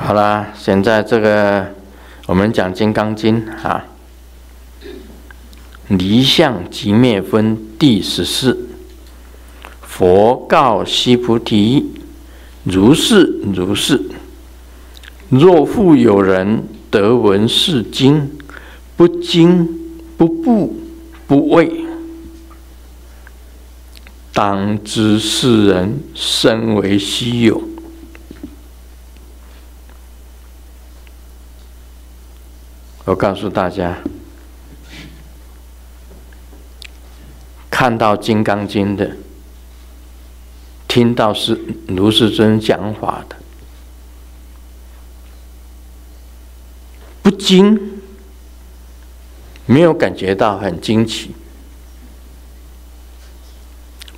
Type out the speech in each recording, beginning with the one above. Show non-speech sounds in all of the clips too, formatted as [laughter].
好啦，現在這個我們講《金剛經》啊，離相寂滅分第十四。佛告須菩提：“如是如是，若復有人得聞是經，不驚不怖不畏，當知是人甚為希有。”我告訴大家，看到《金剛經》的，聽到盧師尊講法的，不驚，沒有感覺到很驚奇，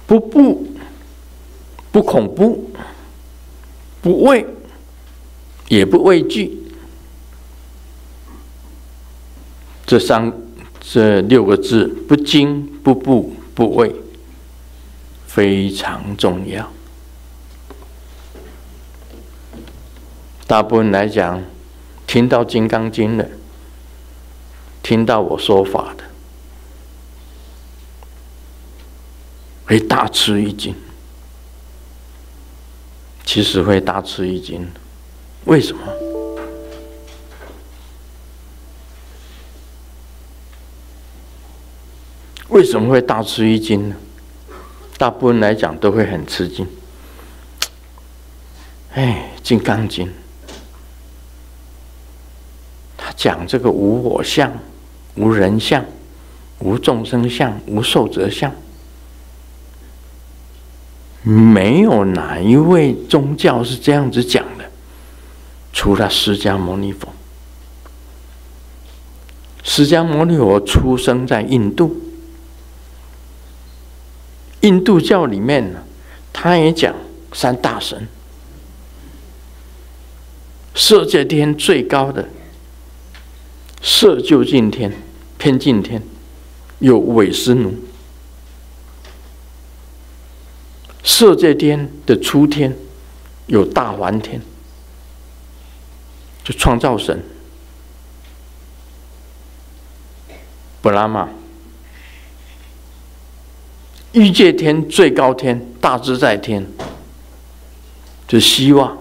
不怖，不恐怖，不畏，也不畏懼。這三這六個字不驚不怖不畏，非常重要。大部分來講，聽到《金剛經》的，聽到我說法的，會大吃一驚。其實會大吃一驚，為什麼？為什麼會大吃一驚呢？大部分來講都會很吃驚。哎，《金剛經》，他講這個無我相、無人相、無眾生相、無壽者相，沒有哪一位宗教是這樣子講的，除了釋迦牟尼佛。釋迦牟尼佛出生在印度。印度教裡面呢，他也講三大神，色界天最高的色究竟天、偏盡天，有韋斯奴；色界天的初天有大梵天，就創造神，布拉瑪。欲界天最高天，大自在天，就是希瓦。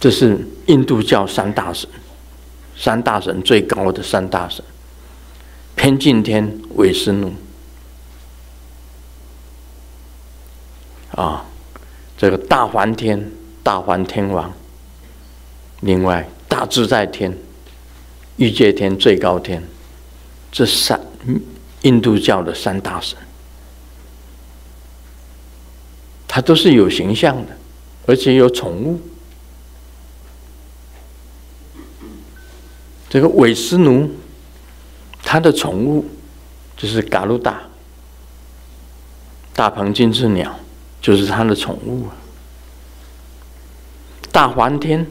這是印度教三大神，三大神最高的三大神，遍淨天韋斯努，啊，這個大梵天，大梵天王，另外大自在天，欲界天最高天，這是三。印度教的三大神，他都是有形象的，而且有寵物。這個韋斯奴，他的寵物就是嘎魯達，大鵬金翅鳥，就是他的寵物。啊，大梵天，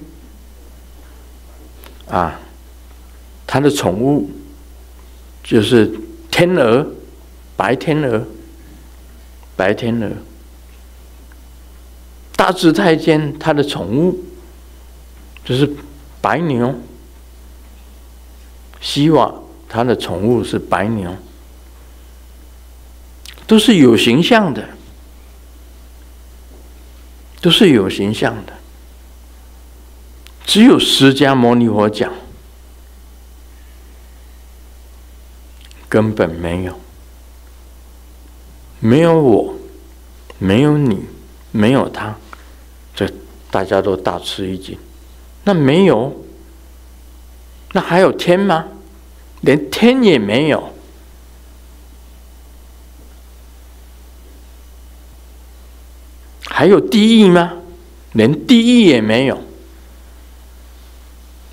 啊，他的寵物就是。天鵝，白天鵝，白天鵝。大智太監他的寵物就是白牛，希瓦他的寵物是白牛，都是有形象的，都是有形象的，只有釋迦牟尼佛講。根本沒有，沒有我，沒有你，沒有他，這大家都大吃一驚。那沒有，那還有天嗎？連天也沒有，還有地獄嗎？連地獄也沒有，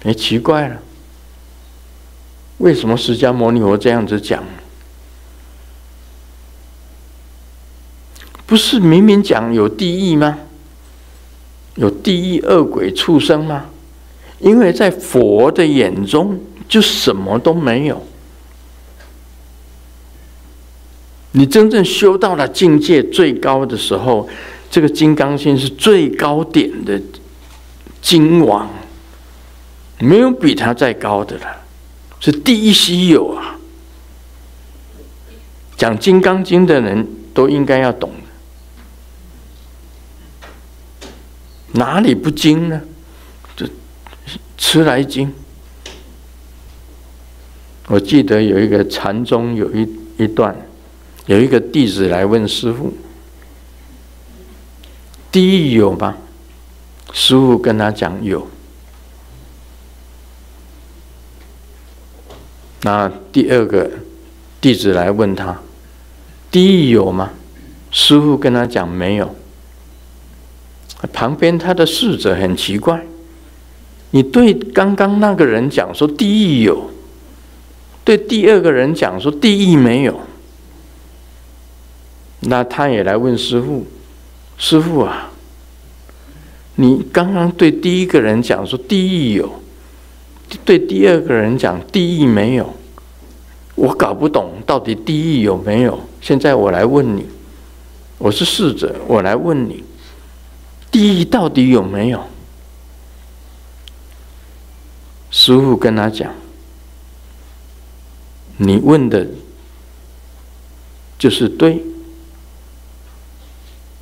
哎，奇怪了。為什麼釋迦牟尼佛這樣子講？不是明明講有地獄嗎？有地獄惡鬼畜生嗎？因為在佛的眼中，就什麼都沒有。你真正修到了境界最高的時候，這個金剛心是最高點的金王，沒有比他再高的了。是第一稀有啊！講《金剛經》的人都應該要懂的，哪裡不精呢？這吃來精。我記得有一個禪宗有一一段，有一個弟子來問師父：“第一有嗎？”師父跟他講：“有。”那第二個弟子來問他：“地獄有嗎？”師傅跟他講：“沒有。”旁邊他的侍者很奇怪：“你對剛剛那個人講說地獄有，對第二個人講說地獄沒有。”那他也來問師傅：“師傅啊，你剛剛對第一個人講說地獄有？”對第二個人講地獄沒有，我搞不懂到底地獄有沒有。現在我來問你，我是侍者，我來問你，地獄到底有沒有？師父跟他講，你問的，就是對，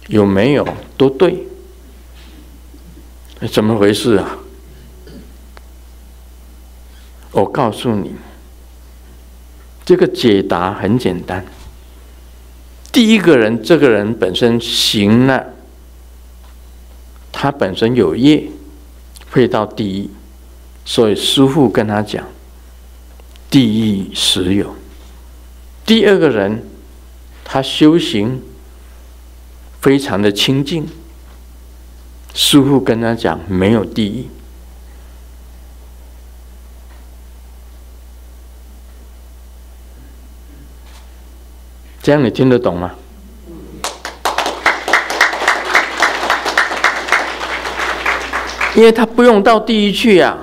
有沒有都對，怎麼回事啊？我告訴你，這個解答很簡單。第一個人，這個人本身行了，他本身有業，會到地獄。所以師父跟他講，地獄實有。第二個人，他修行非常的清淨，師父跟他講，沒有地獄。這樣你聽得懂嗎？嗯、因為他不用到地獄去呀，啊，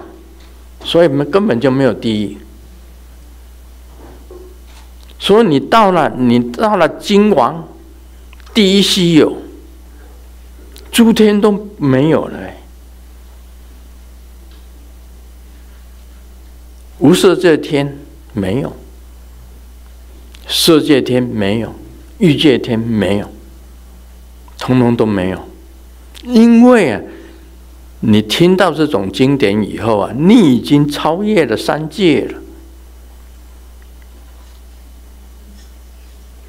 所以我們根本就沒有地獄。所以你到了，你到了金王，第一稀有，諸天都沒有了，無色界天沒有。色界天沒有，欲界天沒有，通通都沒有。因為啊，你聽到這種經典以後啊，你已經超越了三界了。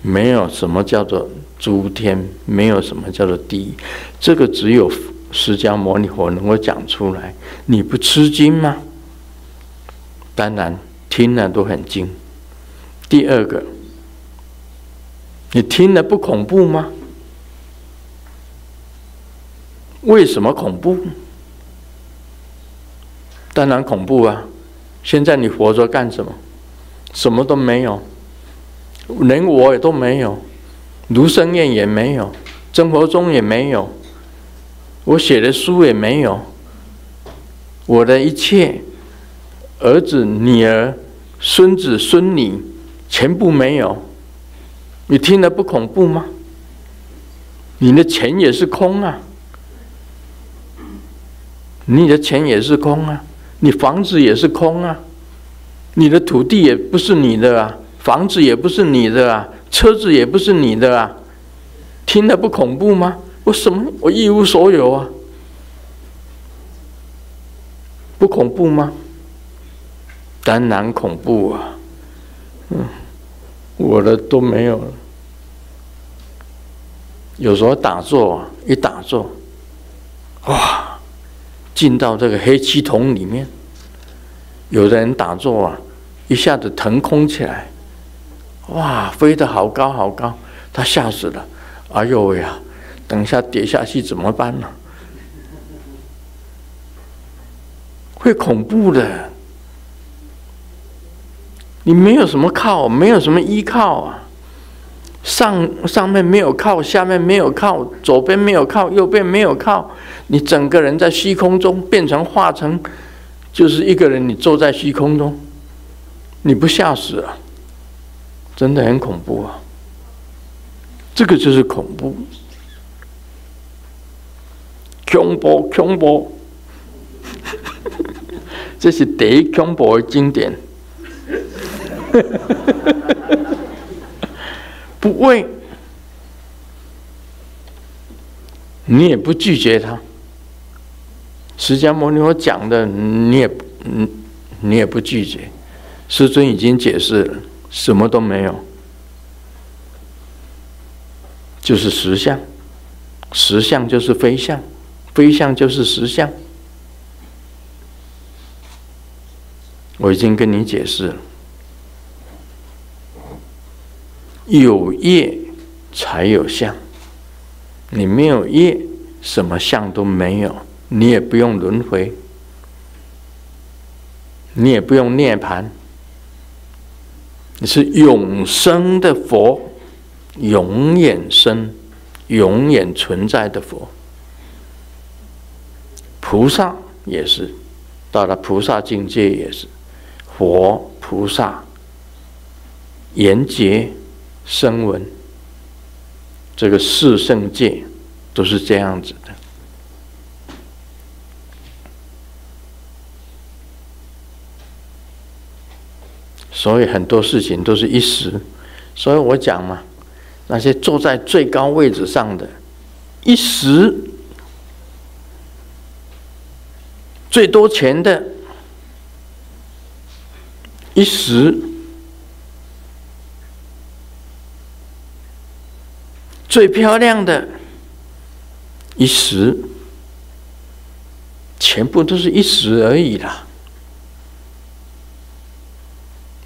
沒有什麼叫做諸天，沒有什麼叫做地，這個只有釋迦牟尼佛能夠講出來。你不吃驚嗎？當然，聽了都很驚。第二個。你聽了不恐怖嗎？為什麼恐怖？當然恐怖啊！現在你活着幹什麼？什麼都沒有，連我也都沒有，盧勝彥也沒有，蓮生活佛也沒有，我寫的書也沒有，我的一切，兒子、女兒、孫子、孫女，全部沒有。你聽了不恐怖嗎？你的錢也是空啊，你的錢也是空啊，你房子也是空啊，你的土地也不是你的啊，房子也不是你的啊，車子也不是你的啊，聽了不恐怖嗎？我什麼？我一無所有啊，不恐怖嗎？當然恐怖啊，嗯。我的都沒有了。有時候打坐啊，一打坐，哇，進到這個黑漆桶裡面。有的人打坐啊，一下子騰空起來，哇，飛得好高好高，他嚇死了。哎呦喂呀，等一下跌下去怎麼辦呢？會恐怖的。你沒有什麼靠，沒有什麼依靠啊！上上面沒有靠，下面沒有靠，左邊沒有靠，右邊沒有靠，你整個人在虛空中變成化成，就是一個人，你坐在虛空中，你不嚇死啊？真的很恐怖啊！這個就是恐怖，恐怖恐怖， [laughs] 這是第一恐怖的經典。 [laughs] 不問，你也不拒絕他。釋迦牟尼佛講的，你也，你也不拒絕。師尊已經解釋了，什麼都沒有，就是實相。實相就是非相，非相就是實相。我已經跟你解釋了。有業才有相，你沒有業，什麼相都沒有，你也不用輪迴，你也不用涅槃，你是永生的佛，永遠生，永遠存在的佛。菩薩也是到了菩薩境界，也是佛菩薩，言結。聲聞，這個四聖界都是這樣子的，所以很多事情都是一時。所以我講嘛，那些坐在最高位置上的一時，最多錢的一時。最漂亮的一時，全部都是一時而已啦。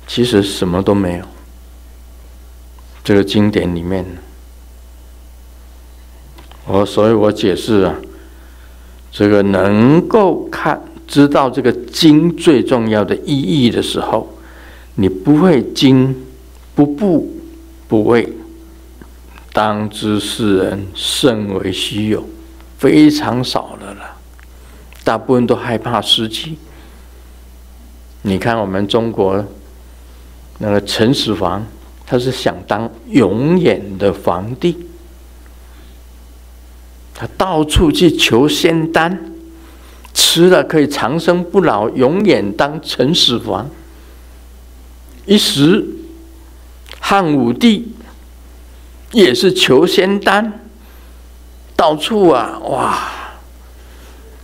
其實什麼都沒有，這個經典裡面。我所以，我解釋啊，這個能夠看知道這個經最重要的意義的時候，你不會驚不怖不畏。當知世人甚為稀有，非常少了啦，大部分都害怕失去。你看我們中國那個秦始皇，他是想當永遠的皇帝，他到處去求仙丹，吃了可以長生不老，永遠當秦始皇。一時漢武帝。也是求仙丹，到處啊，哇！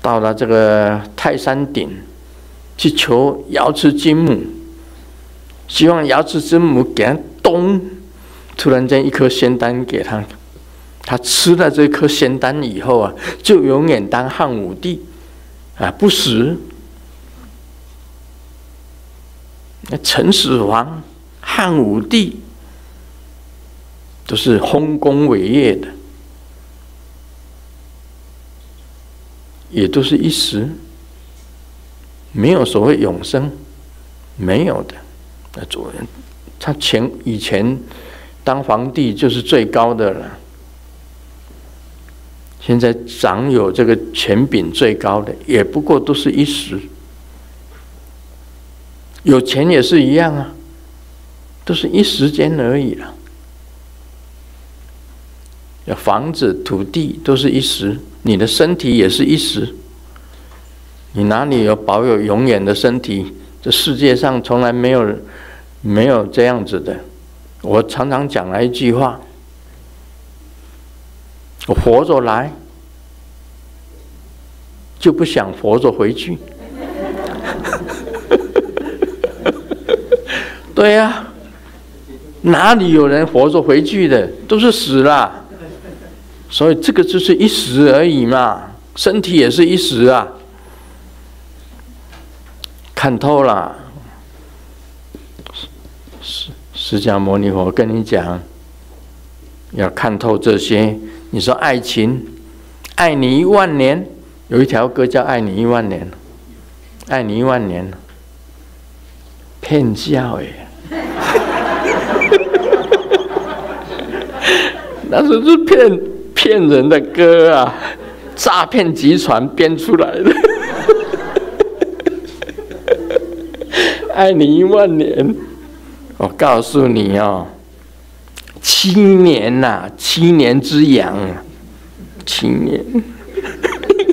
到了這個泰山頂，去求瑤池金母，希望瑤池金母給他咚，突然間一顆仙丹給他，他吃了這顆仙丹以後啊，就永遠當漢武帝，啊，不死。那秦始皇、漢武帝。都是豐功偉業的，也都是一時，沒有所謂永生，沒有的。那人，他前以前當皇帝就是最高的了，現在掌有這個權柄最高的，也不過都是一時，有錢也是一樣啊，都是一時間而已了啊。房子、土地都是一時，你的身體也是一時。你哪裡有保有永遠的身體？這世界上從來沒有沒有這樣子的。我常常講了一句話：我活着來，就不想活着回去。 [laughs] 對呀、啊，哪裡有人活着回去的？都是死了。所以這個就是一時而已嘛，身體也是一時啊，看透了。釋釋迦牟尼佛跟你講，要看透這些。你說愛情，愛你一萬年，有一條歌叫《愛你一萬年》，愛你一萬年，騙笑耶！那是是騙。騙人的歌啊，詐騙集團編出來的！ [laughs] 愛你一萬年，我告訴你哦，七年吶、啊，七年之癢，七年，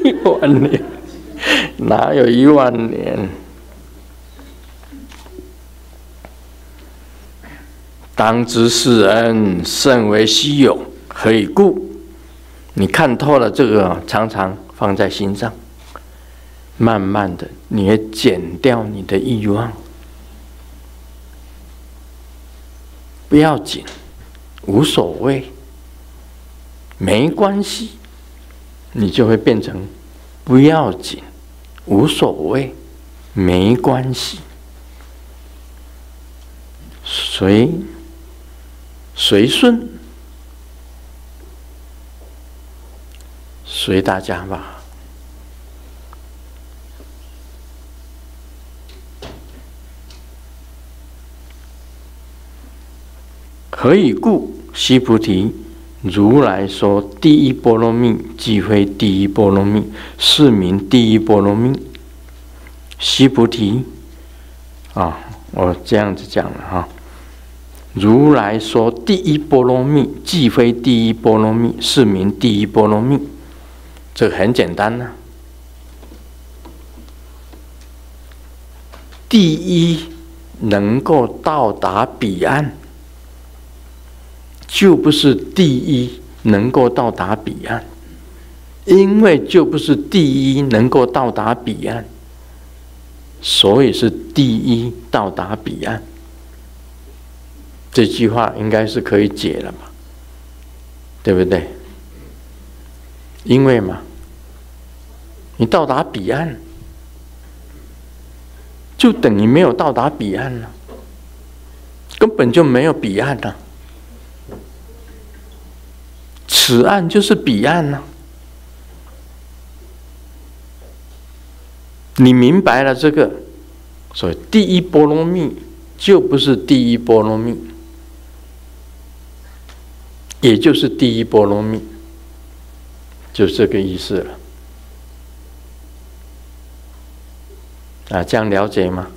一萬年，哪有一萬年？當知世人甚為稀有，何以故？你看透了這個，常常放在心上，慢慢的，你也減掉你的慾望，不要緊，無所謂，沒關係，你就會變成不要緊，無所謂，沒關係，隨隨順。所以大家吧。何以故？須菩提，如來說第一波羅蜜，即非第一波羅蜜，是名第一波羅蜜。須菩提，啊，我這樣子講了哈、啊。如來說第一波羅蜜，即非第一波羅蜜，是名第一波羅蜜。這很簡單呢、啊。第一，能夠到達彼岸，就不是第一能夠到達彼岸，因為就不是第一能夠到達彼岸，所以是第一到達彼岸。這句話應該是可以解了吧？對不對？因為嘛，你到達彼岸，就等於沒有到達彼岸了，根本就沒有彼岸了，此岸就是彼岸了。你明白了這個，所以第一波羅蜜就不是第一波羅蜜，也就是第一波羅蜜。就這個意思了，啊，這樣了解嗎？